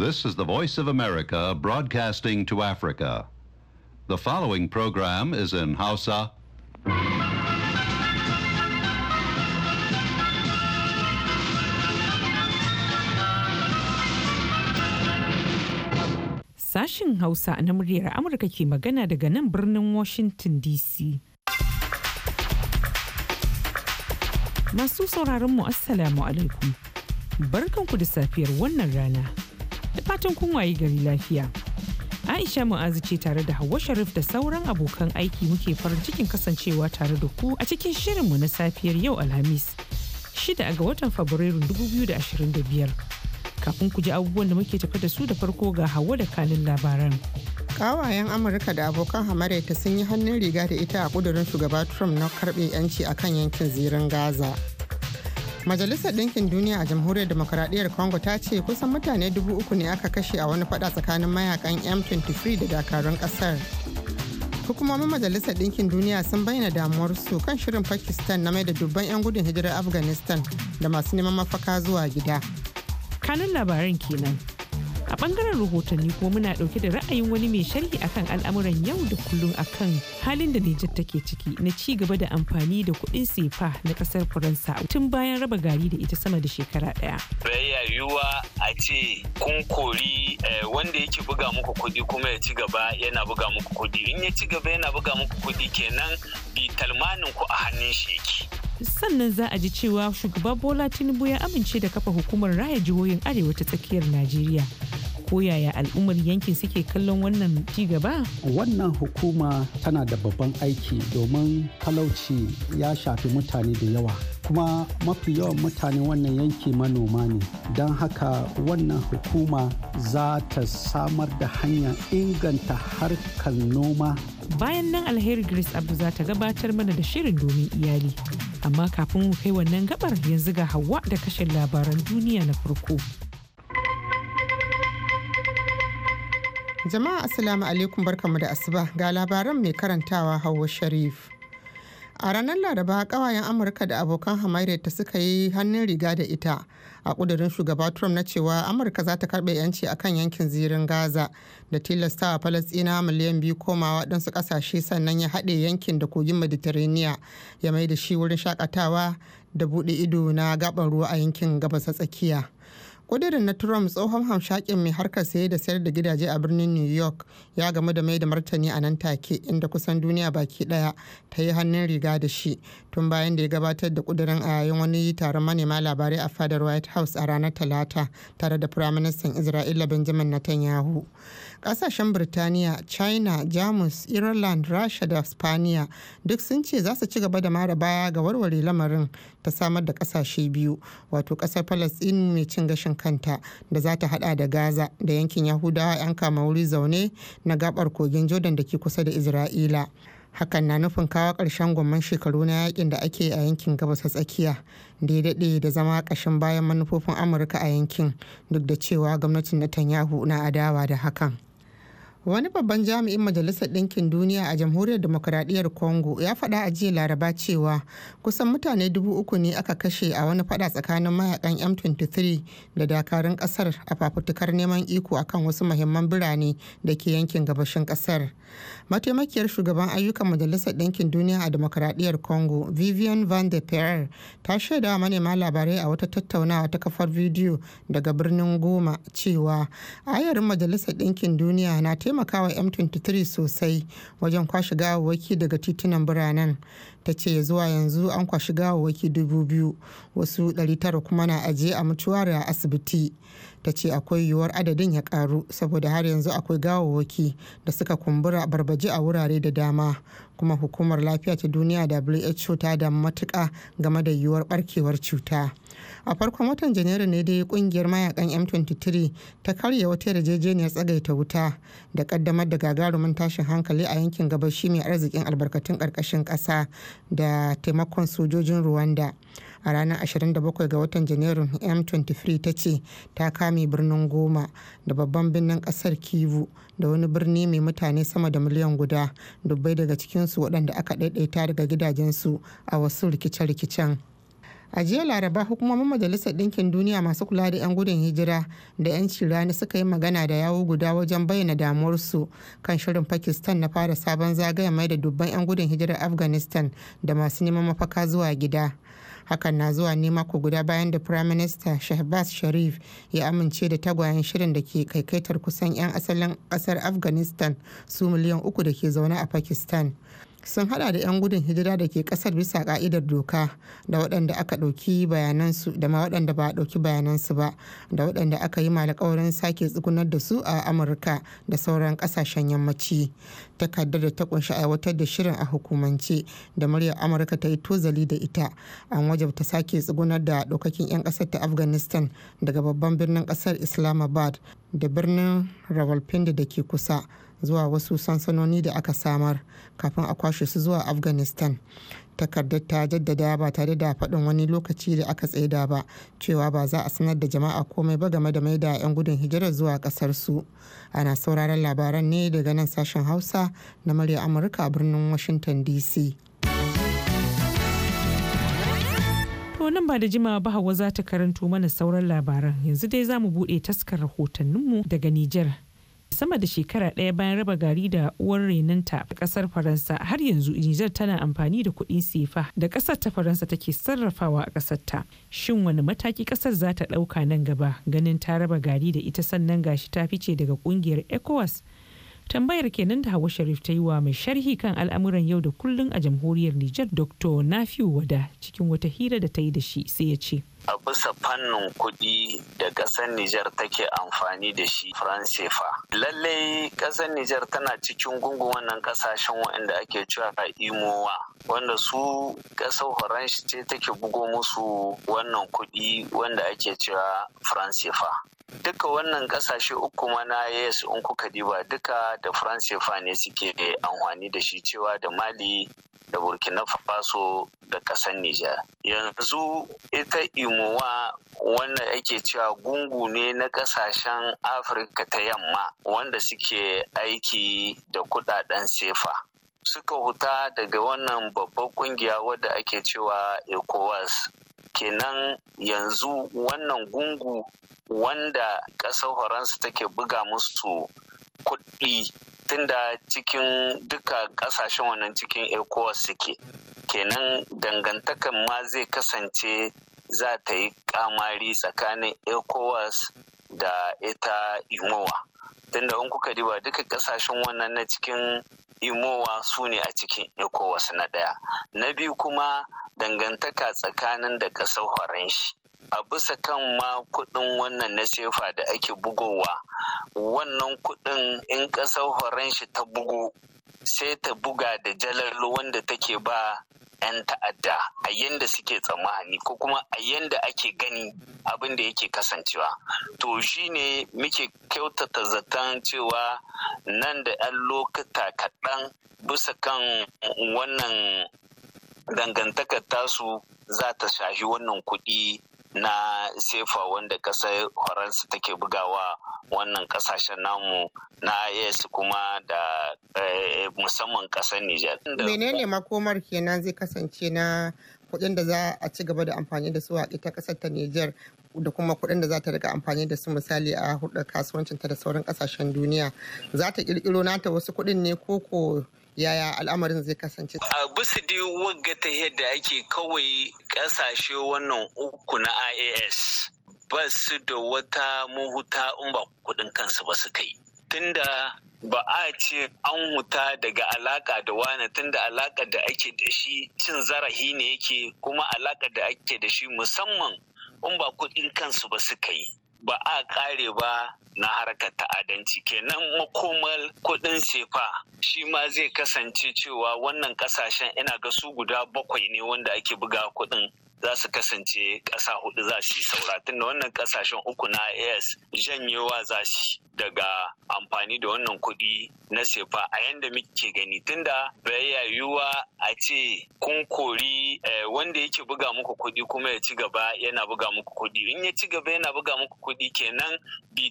This is the Voice of America broadcasting to Africa. The following program is in Hausa. Sashin Hausa na muryar Amurka ke magana daga nan birnin Washington DC. Masu sauraron mu Assalamu alaikum. Barkanku da safiyar wannan rana. da fatan kun waye gari lafiya. Aisha Mu'azu ce tare da Hauwa Sharif da sauran abokan aiki muke farin cikin kasancewa tare da ku a cikin shirin mu na safiyar yau Alhamis. Shida ga watan Fabrairun 2025. Kafin ku ji abubuwan da muke tafi da su da farko ga Hauwa da kanin labaran. Kawayen Amurka da abokan hamareta sun yi hannun riga da ita a kudurin shugaba Trump na karbe 'yanci a kan yankin zirin Gaza. Majalisar Ɗinkin Duniya a Jamhuriyar Demokaradiyyar Congo ta ce kusan mutane dubu uku ne aka kashe a wani fada tsakanin mayakan M23 da dakarun ƙasar. Hukumomin Majalisar Ɗinkin Duniya sun bayyana damuwarsu kan shirin Pakistan na mai da dubban 'yan gudun hijirar Afghanistan da masu neman mafaka zuwa gida. Kanun labaran kenan. a bangaren rahotanni ko muna dauke da ra'ayin wani mai sharhi akan al'amuran yau da kullum akan halin da Nijar take ciki na ci gaba da amfani da kuɗin sefa na ƙasar Faransa tun bayan raba gari da ita sama da shekara ɗaya. Baya yiwuwa a ce kun kori eh, wanda yake buga muku kuɗi kuma ya ci gaba yana buga muku kuɗi in ya ci gaba yana buga muku kuɗi kenan bi talmanin ku a hannun shi sannan za a ji cewa shugaban bola tinubu ya amince da kafa hukumar raya jihohin arewa ta tsakiyar najeriya ko yaya al'ummar yankin suke kallon wannan ci gaba? Wannan hukuma tana da babban aiki domin talauci ya shafi mutane da yawa. Kuma mafi yawan mutane wannan yanki manoma ne. Don haka wannan hukuma za ta samar da hanyar inganta harkar noma. Bayan nan alheri Grace Abu za ta gabatar mana da shirin domin iyali. amma kafin mu kai wannan gabar yanzu ga hawa da kashin labaran duniya na farko jama'a assalamu alaikum barkamu da asuba ga labaran mai karantawa hawa sharif a ranar laraba kawayen amurka da abokan ta suka yi hannun riga da ita a kudurin shugaba trump na cewa amurka za ta karbe yanci a kan yankin zirin gaza da tilastawa falastina miliyan biyu komawa waɗansu ƙasashe sannan ya haɗe yankin da kogin mediterranean ya mai da shi wurin shakatawa da buɗe ido na gaban ruwa a yankin gabas tsakiya kudirin na trump tsohon hamshakin mai harkar saye da sayar da gidaje a birnin new york ya gamu da mai da martani a nan take inda kusan duniya baki daya ta yi hannun riga da shi tun bayan da ya gabatar da kudirin a yayin wani taron manema labarai a fadar white house a ranar talata tare da firaministan isra'ila benjamin netanyahu kasashen birtaniya china jamus ireland rasha da spaniya duk sun ce za su ci gaba da mara baya ga warware lamarin ta samar da kasashe biyu wato kasar palestine mai cin gashin kanta da za ta hada da gaza da yankin yahudawa 'yan kama wuri zaune na gabar kogin jordan da ke kusa da isra'ila hakan na nufin kawo ƙarshen gwamman shekaru na yakin da ake a yankin gabas tsakiya da ya daɗe da zama ƙashin bayan manufofin amurka a yankin duk da cewa gwamnatin netanyahu na adawa da hakan wani babban jami'in majalisar ɗinkin duniya a jamhuriyar demokuraɗiyyar congo ya faɗa a jiya laraba cewa kusan mutane dubu uku ne aka kashe a wani faɗa tsakanin mayakan m23 da dakarun ƙasar a fafutukar neman iko akan wasu mahimman birane da ke yankin gabashin ƙasar mataimakiyar shugaban ayyukan majalisar ɗinkin duniya a demokuraɗiyyar congo vivian van der Peer ta shaidawa manema labarai a wata tattaunawa ta kafar bidiyo daga birnin goma cewa ayarin majalisar ɗinkin duniya na ta taimakawa m23 sosai wajen kwashe gawawwaki daga titunan biranen ta ce zuwa yanzu an kwashi gawawwaki dubu biyu wasu 900 kuma na ajiye a mutuwar a asibiti ta ce akwai yiwuwar adadin ya karu saboda har yanzu akwai gawawwaki da suka kumbura barbaji a wurare da dama kuma hukumar lafiya ta duniya who ta da matuka game da yiwuwar barkewar cuta a farkon watan janairu ne dai kungiyar mayakan m23 ta karya wata yarjejeniyar tsagaita wuta da kaddamar da gagarumin tashin hankali a yankin gabashi mai arzikin albarkatun karkashin kasa da taimakon sojojin rwanda a ranar 27 ga watan janairun m23 ta ce ta kame birnin goma da babban birnin kasar kivu da wani birni mai mutane sama da miliyan guda dubbai daga cikinsu waɗanda aka ɗaiɗaita daga gidajensu a wasu rikice-rikicen a jiya laraba hukumomin majalisar ɗinkin duniya masu kula da 'yan gudun hijira da 'yanci rani suka yi magana da yawo guda wajen bayyana damuwarsu kan shirin pakistan na fara sabon zagaya mai da dubban 'yan gudun hijirar afghanistan da masu neman mafaka zuwa gida hakan na zuwa ne mako guda bayan da prime minister shahbaz sharif ya amince da tagwayen shirin da ke kaikaitar kusan 'yan asalin kasar afghanistan su miliyan uku da ke zaune a pakistan sun hada da 'yan gudun hijira da ke kasar bisa ka'idar doka da waɗanda aka ɗauki bayanansu da ma waɗanda ba a ɗauki bayanansu ba da waɗanda aka yi malakawarin sake tsugunar da su a amurka da sauran ƙasashen yammaci takarda da ta kunshi aiwatar da shirin a hukumance da muryar amurka ta yi tozali da ita an wajabta sake tsugunar da ɗaukakin 'yan ƙasar ta afghanistan daga babban birnin ƙasar islamabad da birnin rawalpindi da ke kusa zuwa wasu sansanoni da aka samar kafin a kwashe su zuwa afghanistan takardar ta jaddada ba tare da faɗin wani lokaci da aka tsaida ba cewa ba za a sanar da jama'a komai ba game da maida 'yan gudun hijirar zuwa ƙasar su ana sauraron labaran ne daga nan sashen hausa na murya amurka birnin washington dc nan ba da jimawa ba hawa za ta karanto mana sauran labaran yanzu dai za mu buɗe taskar rahotanninmu daga Nijar. sama da shekara ɗaya bayan raba gari da uwar renanta a ƙasar faransa har yanzu nijar tana amfani da kuɗin sefa da ƙasar ta faransa take sarrafawa a ƙasar ta shin wani mataki ƙasar za ta ɗauka nan gaba ganin ta raba gari da ita sannan gashi ta fice daga ƙungiyar ecowas tambayar kenan da hawa sharif ta yi wa mai sharhi kan al'amuran yau da kullun a jamhuriyar nijar dr nafiu wada cikin wata hira da ta yi da shi sai ya ce a bisa fannin kuɗi da ƙasar Nijar take amfani da shi Francefa. Lallai ƙasar Nijar tana cikin gungun wannan ƙasashen waɗanda ake cewa imowa wanda su ƙasar Faransh ce take bugo musu wannan kuɗi wanda ake cewa Francefa. duka wannan kasashe uku mana yes in kuka diba duka da faransefa ne suke amfani da shi cewa da mali da burkina faso da kasar nijar yanzu ita imowa wannan ake cewa gungu ne na kasashen afirka ta yamma wanda suke aiki da kudaden sefa suka huta daga wannan babbar kungiya wadda ake cewa ecowas kenan yanzu wannan gungu wanda ƙasar faransa take buga musu kuɗi tunda cikin duka ƙasashen wannan cikin ecowas suke kenan dangantakan ma zai kasance za ta yi kamari tsakanin ecowas da ita mawa, tunda in kuka diba duka ƙasashen wannan na cikin imowa su ne a cikin iko wasu na ɗaya na biyu kuma dangantaka tsakanin da ƙasar shi. a bisa kan ma kuɗin wannan na sefa da ake bugowa wannan kuɗin in ƙasar shi ta bugo sai ta buga da jalar wanda take ba 'yan ta'adda a yanda suke tsammani ko kuma a yanda ake gani abin da yake kasancewa to shi ne muke kyautata zaton cewa nan da 'yan lokuta kaɗan bisa kan wannan dangantakar tasu za ta shahi wannan kuɗi na sefa wanda ƙasar faransa take bugawa wannan kasashen namu na AS kuma da eh, musamman kasar Nijar. Menene makomar kenan zai kasance na kuɗin da za a ci gaba da amfani da su a ita ƙasar ta Nijar da kuma kuɗin da za ta riga amfani da su misali a hulɗar kasuwancinta da sauran ƙasashen duniya za ta ƙirƙiro nata wasu kuɗin ne koko yaya al'amarin zai kasance. A bisa dai wagga ta yadda ake kawai ƙasashe wannan uku na IAS ba su da wata mahuta in ba kuɗin kansu ba suka yi tunda ba a ce an huta daga alaka da wane tunda alaka da ake da shi cin zarafi ne yake kuma alaka da ake da shi musamman in ba kuɗin kansu ba suka yi ba a kare ba na harkar ta'adanci kenan makomar kuɗin sefa shi ma zai kasance cewa wannan ƙasashen ina ga su guda bakwai ne wanda ake buga kuɗin za su kasance ƙasa hudu za su yi saura tunda wannan ƙasashen uku na AS janyewa za su daga amfani da wannan kuɗi na sefa a yanda muke gani tunda bai yayuwa a ce kun kori eh, wanda yake buga muku kuɗi kuma ya ci gaba yana buga muku kuɗi in ya ci gaba yana buga muku kuɗi kenan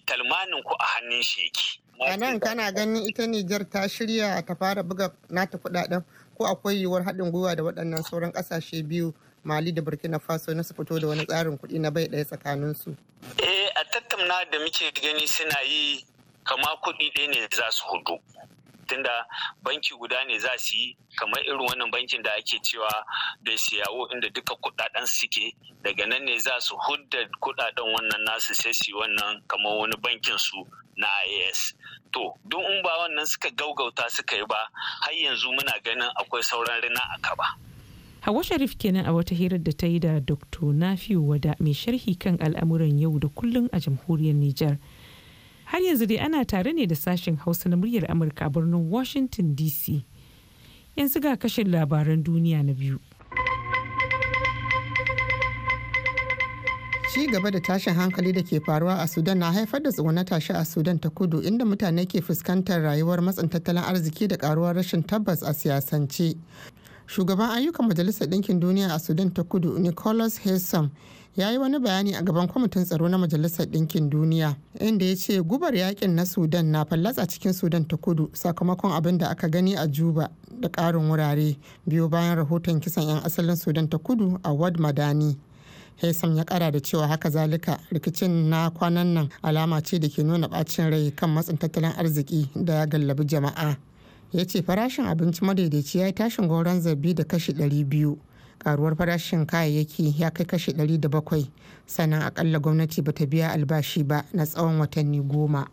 talmanin ku a hannun shi yake. a nan kana ganin ita Nijar ta shirya ta fara buga nata kuɗaɗen ko akwai yiwuwar haɗin gwiwa da waɗannan sauran ƙasashe biyu mali da burkina faso na su fito da wani tsarin kuɗi na bai ɗaya su eh a tattauna da muke gani suna yi kama kuɗi ɗaya ne za su hudu tunda banki guda ne za su yi kamar irin wannan bankin da ake cewa da siyawo inda duka kudaden suke daga nan ne za su hudda kudaden wannan nasu sai su wannan kamar wani bankin su na IAS. To, duk in ba wannan suka gaugauta suka yi ba, har yanzu muna ganin akwai sauran rina a kaba. Hawa Sharif kenan a wata hirar da ta yi da Dr. Nafiu Wada mai sharhi kan al'amuran yau da kullun a jamhuriyar Nijar. Har yanzu dai ana tare ne da sashen Hausa na muryar Amurka a birnin Washington DC. Yanzu ga kashin labaran duniya na biyu. ci gaba da tashin hankali da ke faruwa a sudan na haifar da tsoron tashi a sudan ta kudu inda mutane ke fuskantar rayuwar matsin tattalin arziki da karuwar rashin tabbas a siyasance shugaban ayyukan majalisar ɗinkin duniya a sudan ta kudu nicholas hesam ya yi wani bayani a gaban kwamitin tsaro na majalisar ɗinkin duniya inda ya ce gubar yakin na sudan na fallatsa cikin sudan ta kudu sakamakon abin da aka gani a juba da ƙarin wurare biyu bayan rahoton kisan 'yan asalin sudan ta kudu a wad madani Hesam ya kara da cewa haka zalika rikicin na kwanan nan alama ce da ke nuna bacin rai kan matsin tattalin arziki da ya gallabi jama'a. ya ce farashin abinci madaidaici ya yi tashin goron zabi da kashi 200 karuwar farashin kayayyaki ya kai kashi 700 sannan akalla gwamnati bata biya albashi ba na tsawon watanni goma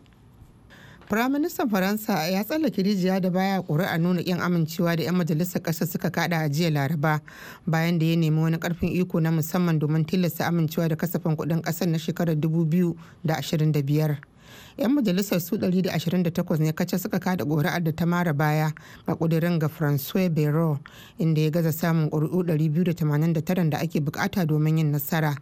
firaministan faransa ya tsallake rijiya da baya ƙuri'a nuna ƙin amincewa da 'yan majalisar ƙasa suka kada a jiya laraba bayan da ya nemi wani ƙarfin iko na musamman domin tilasta amincewa da kasafin kuɗin ƙasar na shekarar 2025 'yan majalisar su 128 ne kace suka kada ƙuri'ar da ta mara baya a ƙudurin ga francois bero inda ya gaza samun ƙuri'u 289 da ake bukata domin yin nasara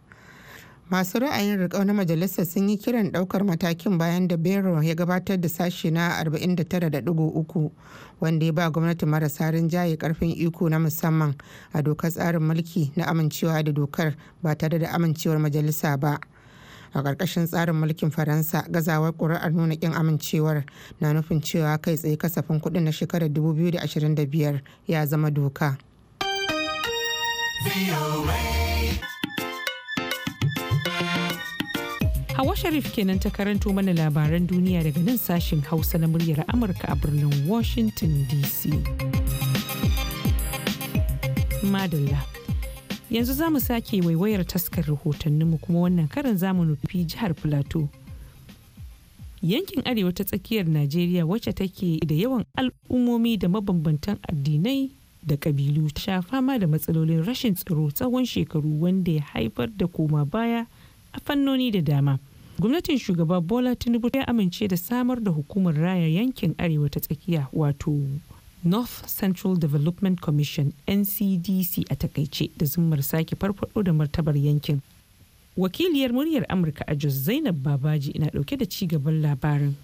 masu ra'ayin riƙau na majalisar sun yi kiran ɗaukar matakin bayan da bero ya gabatar da sashi na 49.3 wanda ya ba gwamnati marasa rinjaye karfin iko na musamman a dokar tsarin mulki na amincewa da dokar ba tare da amincewar majalisa ba. a ƙarƙashin tsarin mulkin faransa gazawar ƙuri'ar nuna ƙin amincewar na nufin cewa kai tsaye kasafin kuɗin na shekarar 2025 ya zama doka. Hawa Sharif kenan ta karanto mana labaran duniya daga nan sashen Hausa na muryar Amurka a birnin Washington DC. Madalla. yanzu za mu sake waiwayar taskar mu. kuma wannan karin zamu nufi jihar plateau yankin arewa ta tsakiyar najeriya wacce take da yawan al'ummomi da mabambantan addinai da kabilu ta sha fama da matsalolin rashin tsaro tsawon shekaru wanda ya haifar da koma baya a fannoni da dama gwamnatin shugaba bola tinubu ya amince da samar da hukumar raya yankin arewa ta tsakiya wato north central development commission ncdc a takaice da zumar sake farfado da martabar yankin wakiliyar muryar amurka a jos zainab babaji na dauke da ci gaban labarin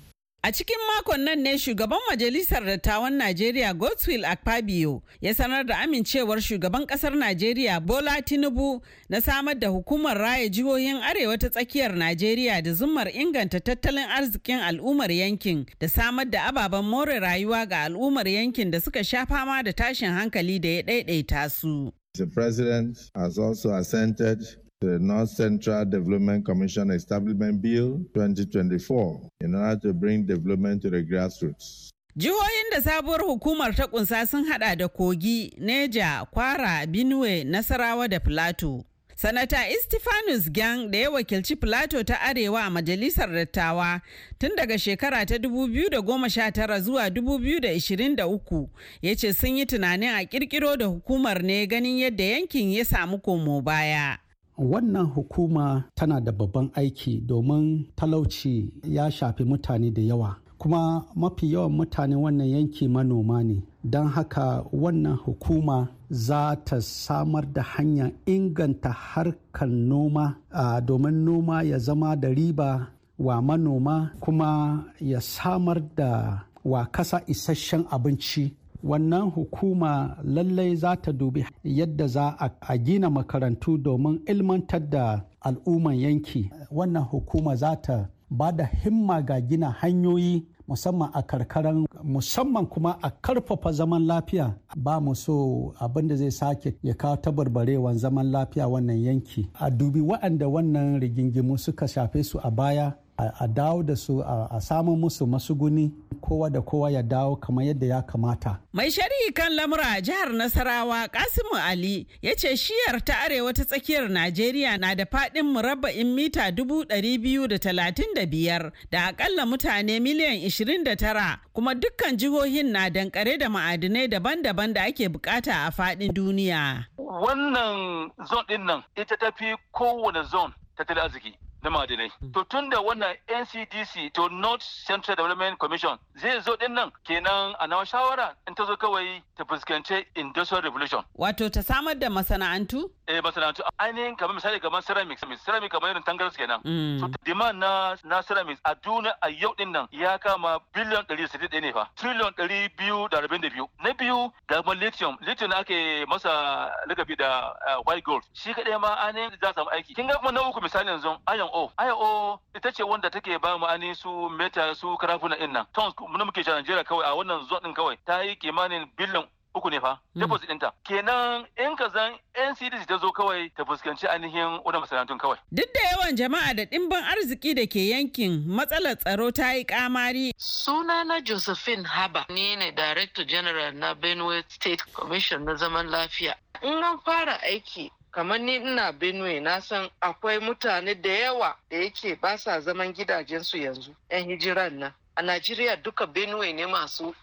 A cikin makon nan ne shugaban Majalisar Dattawan Najeriya Godswill Akpabio ya sanar da amincewar shugaban kasar Najeriya Bola Tinubu na samar da hukumar raya jihohin Arewa ta tsakiyar Najeriya da zumar inganta tattalin arzikin al'ummar yankin da samar da ababen more rayuwa ga al'ummar yankin da suka sha fama da tashin hankali da ya ɗaiɗaita su. The president has also assented the North Central Development Commission Establishment Bill 2024 in order to bring development to the grassroots. Jihohin da sabuwar hukumar ta kunsa sun hada da Kogi, Neja, Kwara, Benue, Nasarawa da Filato. Sanata Istifanus Gang da ya wakilci Filato ta Arewa a Majalisar Dattawa tun daga shekara ta 2019 zuwa 2023 ya ce sun yi tunanin a kirkiro da hukumar ne ganin yadda yankin ya samu komo baya. wannan hukuma tana da babban aiki domin talauci ya shafi mutane da yawa kuma mafi yawan mutane wannan yanki manoma ne don haka wannan hukuma za ta samar da hanya inganta harkar noma domin noma ya zama da riba wa manoma kuma ya samar da wa kasa isasshen abinci wannan hukuma lallai za ta dubi yadda za a gina makarantu domin ilmantar da al'umman yanki wannan hukuma za ta ba da himma ga gina hanyoyi musamman a karkaran musamman kuma a karfafa zaman lafiya ba mu so abinda zai sake ya kawo tabarbarewan zaman lafiya wannan yanki a dubi waɗanda wannan rigingimu suka shafe su a baya a dawo da su a samun musu masuguni kowa da kowa ya dawo kamar yadda ya kamata. Mai shari'i kan lamura a jihar Nasarawa Kasimu Ali ya ce shiyar ta arewa ta tsakiyar Najeriya na da faɗin murabba'in mita dubu ɗari biyu da talatin da biyar da akalla mutane miliyan ishirin da tara kuma dukkan jihohin na dankare da ma'adinai daban-daban da ake bukata a faɗin duniya. Wannan zon ɗin nan ita tafi kowane zon tattalin arziki. na madinai. Hmm. To tun da wannan NCDC to North Central Development Commission zai zo din nan kenan a nawa shawara in ta zo kawai ta fuskanci industrial revolution. Wato ta samar da masana'antu? eh masana'antu ainihin kamar misali kamar ceramics ceramics kamar irin tangaras kenan so demand na na ceramics a duniya a yau din nan ya kama biliyan 161 ne fa trillion 242 na biyu ga kuma lithium lithium na ake masa lakabi da white gold shi kadai ma ainihin za samu aiki kin ga kuma na uku misali yanzu iron ore iron ore ita ce wanda take ba mu ainihin su metal su karafuna din nan tons mun muke a Najeriya kawai a wannan zuwa din kawai ta yi kimanin biliyan uku ne fa hmm. deposit ɗinta kenan in ka zan ncdc ta zo kawai ta fuskanci ainihin wani masana'antun kawai duk da yawan jama'a da ɗimbin arziki da ke yankin matsalar tsaro ta yi kamari na josephine haba ni ne director general na benue state commission na zaman lafiya in an fara aiki kamar ni ina benue na san akwai mutane da yawa da yake ba sa zaman gidajensu yanzu 'yan hijiran nan a najeriya duka benue ne masu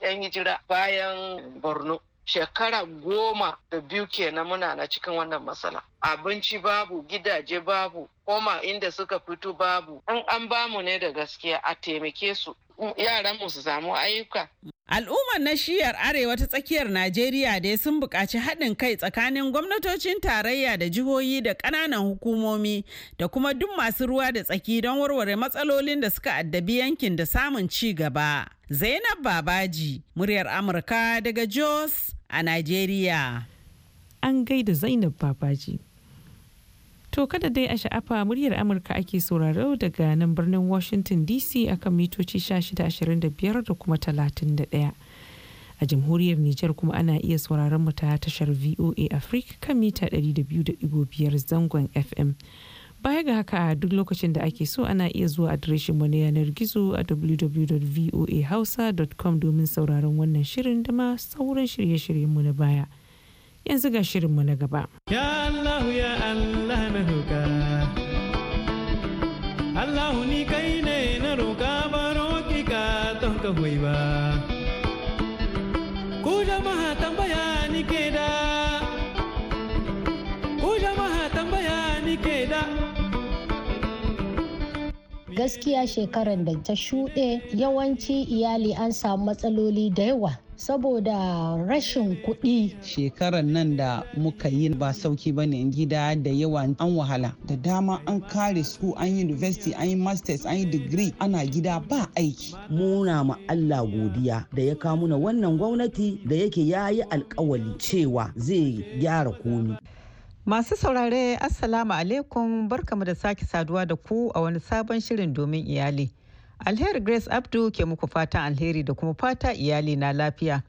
yan hijira bayan borno shekara goma da biyu kenan muna na cikin wannan matsala abinci babu gidaje babu koma inda suka fito babu an an bamu ne da gaskiya a taimake su yaran mu su samu ayyuka Al'ummar na shiyar arewa ta tsakiyar Najeriya dai sun buƙaci haɗin kai tsakanin gwamnatocin tarayya da jihohi da ƙananan hukumomi da kuma duk masu ruwa da tsaki don warware matsalolin da suka addabi yankin da samun ci gaba. Zainab Babaji, muryar Amurka daga Jos a Najeriya. An gaida Zainab Babaji. To kada dai a sha'afa muryar Amurka ake sauraro daga nan birnin Washington DC a kan mitoci 1625 da kuma 31. A jamhuriyar Nijar kuma ana iya sauraron mu ta tashar VOA Africa kan mita 200.5 zangon FM. Baya ga haka duk lokacin da ake so ana iya zuwa adireshin mu na yanar gizo a www.voahausa.com domin sauraron wannan shirin da ma sauran shirye-shiryen mu na baya. yanzu ga shirinmu na gaba. Ya Allah ya Allah na roƙa. Allah ni kai ne na roƙa ba roƙi ka don ka hoyi ba. Ku jama'a tambaya ni ke da. Ku jama'a tambaya ni ke da. Gaskiya shekaran da ta shuɗe yawanci iyali an samu matsaloli da yawa saboda rashin kuɗi. Shekarar nan da muka yi ba sauki bane ne gida da yawa an wahala. Da dama an kare su an yi university, an yi masters, an yi degree, ana gida ba aiki. Muna ma Allah godiya da ya na wannan gwamnati da yake ya yi alkawali cewa zai gyara komi. Masu saurare, Assalamu alaikum barkamu da sake saduwa da ku a wani sabon shirin domin iyali. Alheri Grace Abdu ke muku fatan alheri da kuma fata iyali na lafiya.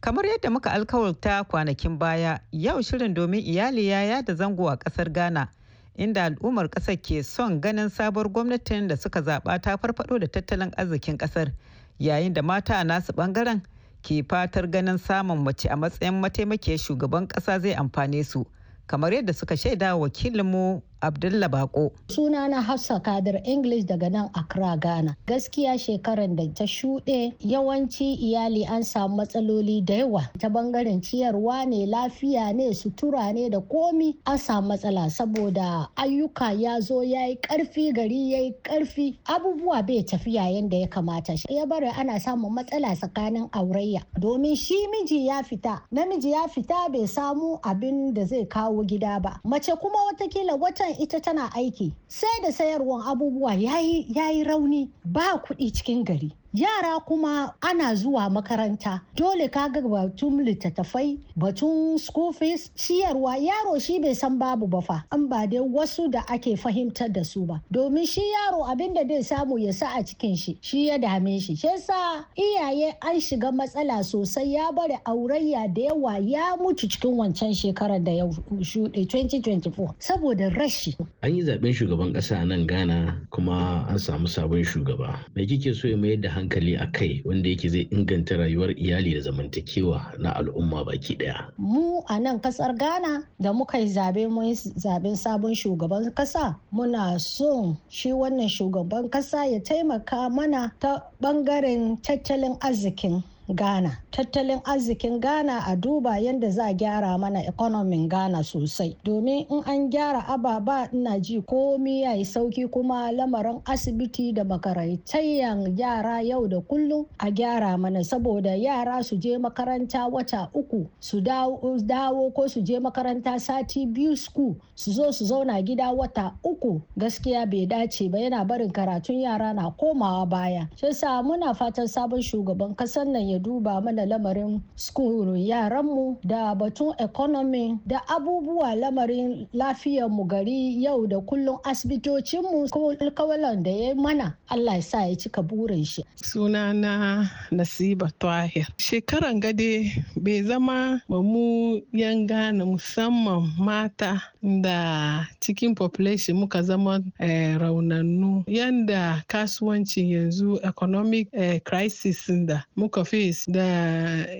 Kamar yadda muka alkawarta kwanakin baya, yau shirin domin iyali ya yada zango a kasar Ghana, inda al'ummar kasar ke son ganin sabuwar gwamnatin da suka zaɓa ta farfado da tattalin arzikin kasar, yayin da mata a nasu bangaren ke fatar ganin samun mace a matsayin mataimakiyar shugaban kasa zai amfane su, kamar yadda suka shaida wakilinmu Abdullah Bako. na Hafsa Kadir English daga nan Accra, Ghana. Gaskiya shekaran da ta shuɗe yawanci iyali an samu matsaloli da yawa ta bangaren ciyarwa ne lafiya ne sutura ne da komi an samu matsala saboda ayyuka ya zo ya yi ƙarfi gari ya yi ƙarfi abubuwa bai tafiya yadda ya kamata. Ya bari ana samun matsala tsakanin aurayya domin shi miji ya fita namiji ya fita bai samu abin da zai kawo gida ba. Mace kuma watakila wata kasan ita tana aiki sai da sayarwar abubuwa ya yi rauni ba kuɗi cikin gari yara kuma ana zuwa makaranta dole kaga ga batun littattafai batun school fees ciyarwa yaro shi bai san babu ba fa an ba dai wasu da ake fahimtar da su ba domin shi yaro abin da zai samu ya sa a cikin shi shi ya dame shi shi yasa iyaye an shiga matsala sosai ya bari aurayya da yawa ya mutu cikin wancan shekarar da ya shuɗe 2024 saboda rashi an yi zaben shugaban ƙasa nan gana kuma an samu sabon shugaba me kike so ya mayar da hankali hankali a kai wanda yake zai inganta rayuwar iyali da zamantakewa na al'umma baki daya. Mu a nan kasar Ghana da muka yi zabe mun zaben sabon shugaban kasa muna son shi wannan shugaban kasa ya taimaka mana ta bangaren tattalin arzikin ghana tattalin arzikin ghana a duba yadda za a gyara mana ekonomin ghana sosai domin in an gyara ababa ina ji komi ya yi sauki kuma lamarin asibiti da makarantayyan yara yau da kullum a gyara mana saboda yara su je makaranta wata uku su dawo ko su je makaranta sati biyu sku su zo su zauna gida wata uku gaskiya bai dace ba yana barin karatun yara na komawa baya shi muna fatan sabon shugaban kasar nan ya ya duba mana lamarin school yaranmu da batun economy da abubuwa lamarin mu gari yau da kullum asibitocinmu alkawalan da ya mana Allah ya sa ya cika burin shi. suna na Nasiba Tahir. Shekaran gade bai zama ba mu yan gane musamman mata da cikin population muka zama eh, raunannu yanda kasuwanci yanzu economic eh, crisis da muka fi increase da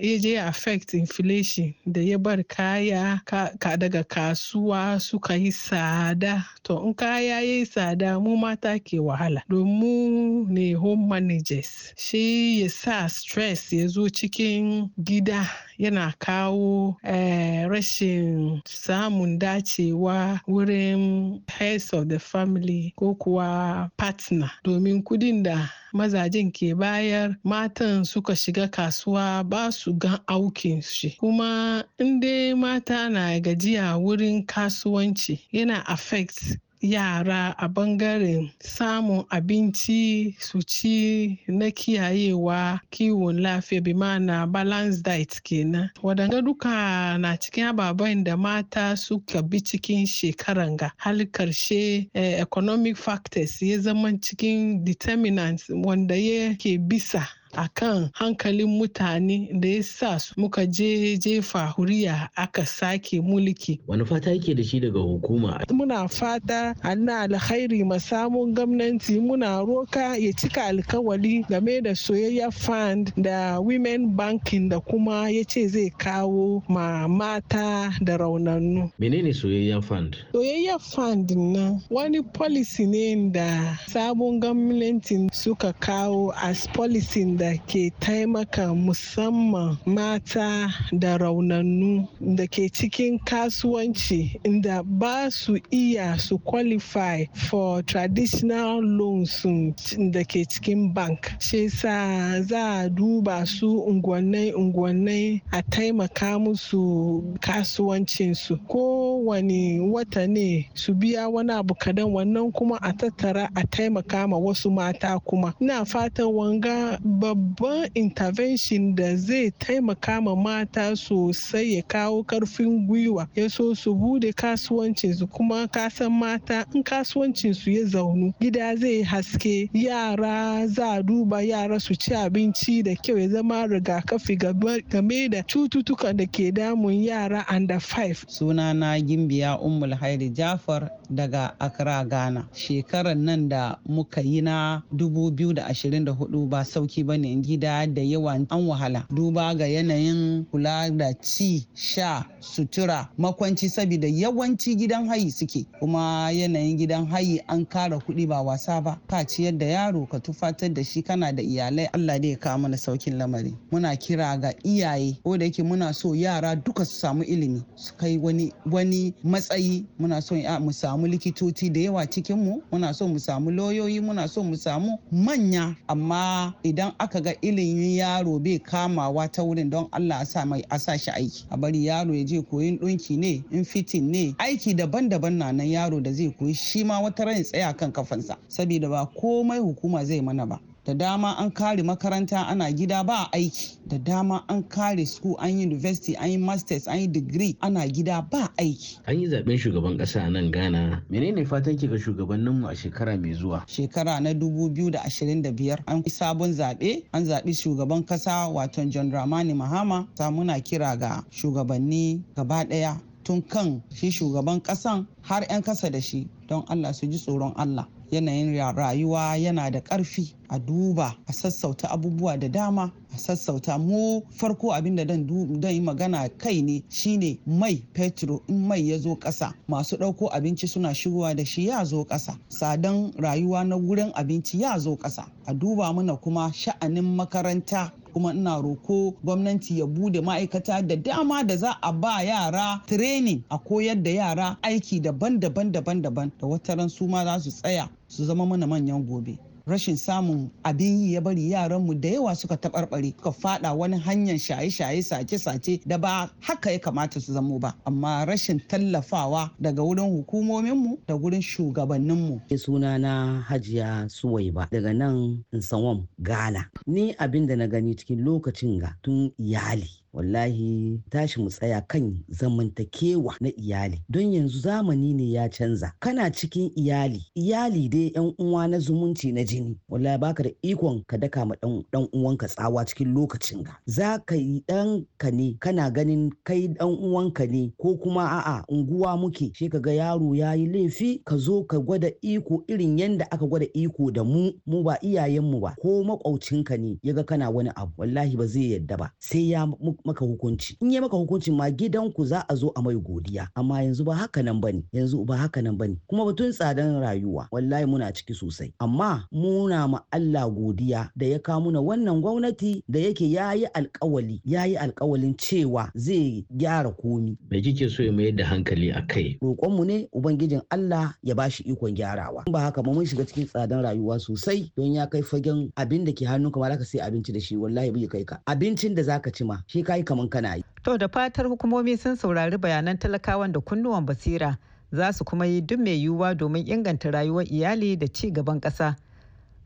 ya je affect inflation da ya bar kaya ka, daga kasuwa suka yi tsada to in kaya ya yi tsada mu mata ke wahala domin ne home managers shi ya sa stress ya zo cikin gida yana kawo eh, rashin samun dacewa wurin heads of the family ko kuwa partner domin kudin da mazajen ke bayar matan suka shiga kasuwa ba su ga aukin shi kuma inda mata na gajiya wurin kasuwanci yana affect yara a bangaren samun abinci su ci na kiyayewa kiwon lafiya bi mana balance diet kenan wadanga duka na cikin ababen da mata suka bi cikin shekaran ga hal karshe eh, economic factors ya zama cikin determinants wanda yake bisa akan hankalin mutane da ya sa muka je jefa huriya aka sake mulki. Wani fata yake da shi daga hukuma? Muna fata anna alkhairi masamun gwamnati muna roka ya cika alkawali game da soyayya fund da women banking da kuma ya ce zai kawo ma mata da raunannu. Menene soyayya fund? Soyayya fund na wani policy ne da sabon gwamnati suka kawo as policy wanda ke taimaka musamman mata da raunannu da ke cikin kasuwanci inda ba su iya su qualify for traditional loans da ke cikin bank shi sa za a duba su ungwannai ungwannai a taimaka musu kasuwancinsu kowane wata ne su biya wani abu kadan wannan kuma a tattara a taimaka ma wasu mata kuma na fatan wanga babban intervention da zai taimaka ma mata sosai ya kawo karfin gwiwa ya so su bude kasuwancinsu kuma kasan mata in kasuwancinsu ya zaunu gida zai haske yara za duba yara su ci abinci da kyau ya zama rigakafi game da cututtukan da ke damun yara under 5 sunana gimbiya Umul hairi jafar daga Accra Ghana. Shekarar nan da muka yi na 2024 ba sauki ba ne gida da yawa an wahala. Duba ga yanayin kula da ci, sha, sutura, makwanci saboda yawanci gidan hayi suke. Kuma yanayin gidan hayi an kara kuɗi ba wasa ba. Ka ciyar da yaro ka tufatar da shi kana da iyalai Allah dai ya kawo mana saukin lamari. Muna kira ga iyaye ko da yake muna so yara duka su samu ilimi su kai wani matsayi muna so mu samu samu likitoci da yawa cikin mu muna so mu samu lauyoyi muna so mu samu manya amma idan aka ga ilimin yaro bai kamawa ta wurin don allah sa mai a shi aiki a bari yaro ya je koyin ɗinki ne in fitin ne aiki daban-daban na nan yaro da zai koyi shi ma wata ran tsaya kan kafansa saboda ba komai hukuma zai mana ba da dama an kare makaranta ana gida ba aiki da dama an kare school an yi university an yi masters an yi degree ana gida ba aiki an yi zaben shugaban kasa a nan gana menene fatan ki ga shugabanninmu a shekara mai zuwa shekara na 2025 an sabon zaɓe an zaɓi shugaban kasa wato john dramani mahama ta muna kira ga shugabanni gaba ɗaya tun kan shi shugaban ƙasan har 'yan kasa da shi don allah su ji tsoron allah yanayin rayuwa yana da ƙarfi a duba a sassauta abubuwa da dama sassauta mu farko abin da dan yi magana kai ne shine mai petro in mai ya zo ƙasa masu ɗauko abinci suna shigowa da shi ya zo ƙasa sadan rayuwa na gurin abinci ya zo ƙasa a duba mana kuma sha'anin makaranta kuma ina roko gwamnati ya bude ma'aikata da dama da za a ba yara training a koyar da yara aiki daban-daban daban-daban da wataran su ma za su tsaya su zama mana manyan gobe rashin samun abin yi ya bari yaranmu da yawa suka taɓarɓare suka faɗa wani hanyar shaye-shaye sace-sace da ba haka ya kamata su zamo ba amma rashin tallafawa daga wurin hukumominmu da gurin shugabanninmu. suna na hajiya suwai ba daga nan nsawam ghana ni abin da na gani cikin lokacin ga tun iyali wallahi tashi mu tsaya kan zamantakewa na iyali don yanzu zamani ne ya canza kana cikin iyali iyali dai yan uwa na zumunci na jini wallahi baka da ikon ka daka ma dan uwanka tsawa cikin lokacin ga za yi dan ka ne kana ganin kai dan uwanka ne ko kuma a'a unguwa muke shi ka ga yaro ya yi laifi ka zo ka gwada iko irin yanda aka gwada iko da mu mu ba iyayenmu ba ko makwaucinka ne ya ga kana wani abu wallahi ba zai yadda ba sai ya maka hukunci in ya maka hukunci ma gidanku za a zo a mai godiya amma yanzu ba haka nan bane yanzu ba haka nan bane kuma batun tsadan rayuwa wallahi muna ciki sosai amma muna ma Allah godiya da ya kawo muna wannan gwamnati da yake yayi alkawali yayi alkawalin cewa zai gyara komi me kike so ya mayar da hankali a kai roƙon mu ne ubangijin Allah ya bashi ikon gyarawa ba haka ba mun shiga cikin tsadan rayuwa sosai don ya kai fagen abin da ke hannu kamar ka sai abinci da shi wallahi bai kai ka abincin da zaka ci ma shi yi kamar kana yi. To da fatar hukumomi sun saurari bayanan talakawan da kunnuwan basira za su kuma yi duk mai yiwuwa domin inganta rayuwar iyali da ci gaban ƙasa.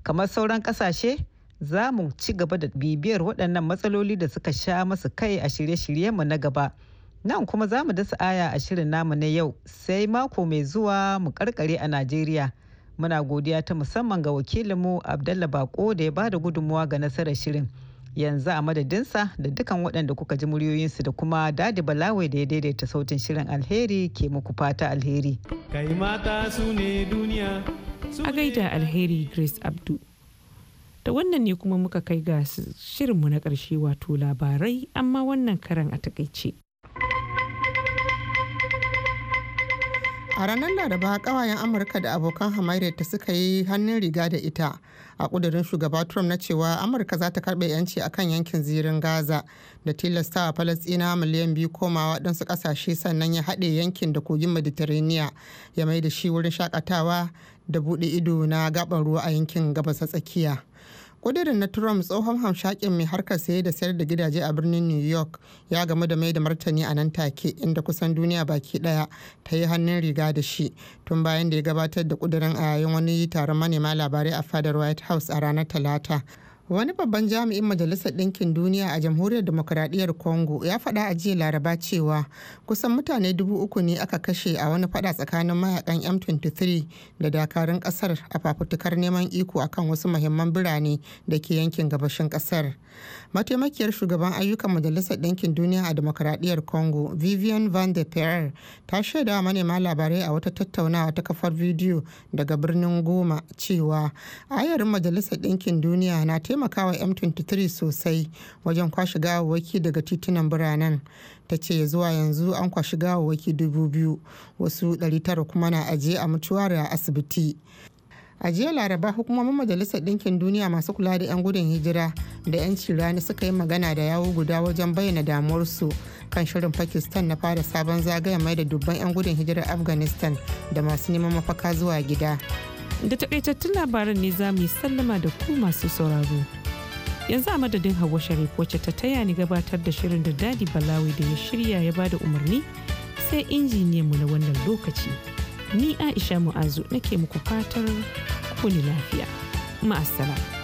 Kamar sauran ƙasashe za mu ci gaba da bibiyar waɗannan matsaloli da suka sha masu kai a shirye-shiryenmu na gaba. Nan kuma za mu dasa aya a shirin namu na yau sai mako mai zuwa mu karkare a Najeriya. Muna godiya ta musamman ga wakilinmu Abdallah Bako da ya ba da gudunmuwa ga nasarar shirin. yanzu a madadinsa da dukan waɗanda kuka ji muryoyinsu da kuma dadi balawai da ya daidaita sautin shirin alheri ke muku fata alheri kai mata su a gaida alheri grace abdu da wannan ne kuma muka kai ga shirinmu na ƙarshe wato labarai amma wannan karan a takaice a ranar laraba kawayen amurka da abokan ta suka yi hannun riga da ita a kudurin shugaba trump na cewa amurka za ta karbe yanci kan yankin zirin gaza da tilastawa falastina miliyan biyu komawa waɗansu ƙasashe sannan ya haɗe yankin da kogin mediterranean ya mai da shi wurin shakatawa da buɗe ido na gaban ruwa a yankin gabas tsakiya kudirin na trump tsohon hamshakin mai harkar saye da sayar da gidaje a birnin new york ya gamu da mai da martani a nan take inda kusan duniya baki daya ta yi hannun riga da shi tun bayan da ya gabatar da kudirin a yayin wani taron manema labarai a fadar white house a ranar talata wani babban jami'in majalisar ɗinkin duniya a jamhuriyar demokuraɗiyyar congo ya faɗa a jiya laraba cewa kusan mutane dubu uku ne aka kashe a wani faɗa tsakanin mayakan m23 da dakarun ƙasar a fafutukar neman iko akan wasu muhimman birane da ke yankin gabashin ƙasar mataimakiyar shugaban ayyukan majalisar ɗinkin duniya a demokaradiyyar congo vivian van der Peer ta shaida wa manema labarai a wata tattaunawa ta kafar bidiyo daga birnin goma cewa ayarin majalisar ɗinkin duniya na taimakawa m23 sosai wajen kwashe gawawaki daga titunan biranen ta ce zuwa yanzu an kwashi gawawaki dubu biyu wasu 900 kuma na ajiye a mutuwar a asibiti a jiya laraba hukumomin majalisar ɗinkin duniya masu kula da 'yan gudun hijira da yancin rani suka yi magana da yawo guda wajen bayyana damuwarsu kan shirin pakistan na fara sabon zagaya mai da dubban 'yan gudun hijirar afghanistan da masu neman mafaka zuwa gida da takaitattun labaran ne za mu yi sallama da ku masu sauraro yanzu a madadin hawa sharif wacce ta taya ni gabatar da shirin da dadi balawi da ya shirya ya bada umarni sai injiniyan mu na wannan lokaci. ni aisha mu'azu nake muku fatar kuni lafiya ma'asala.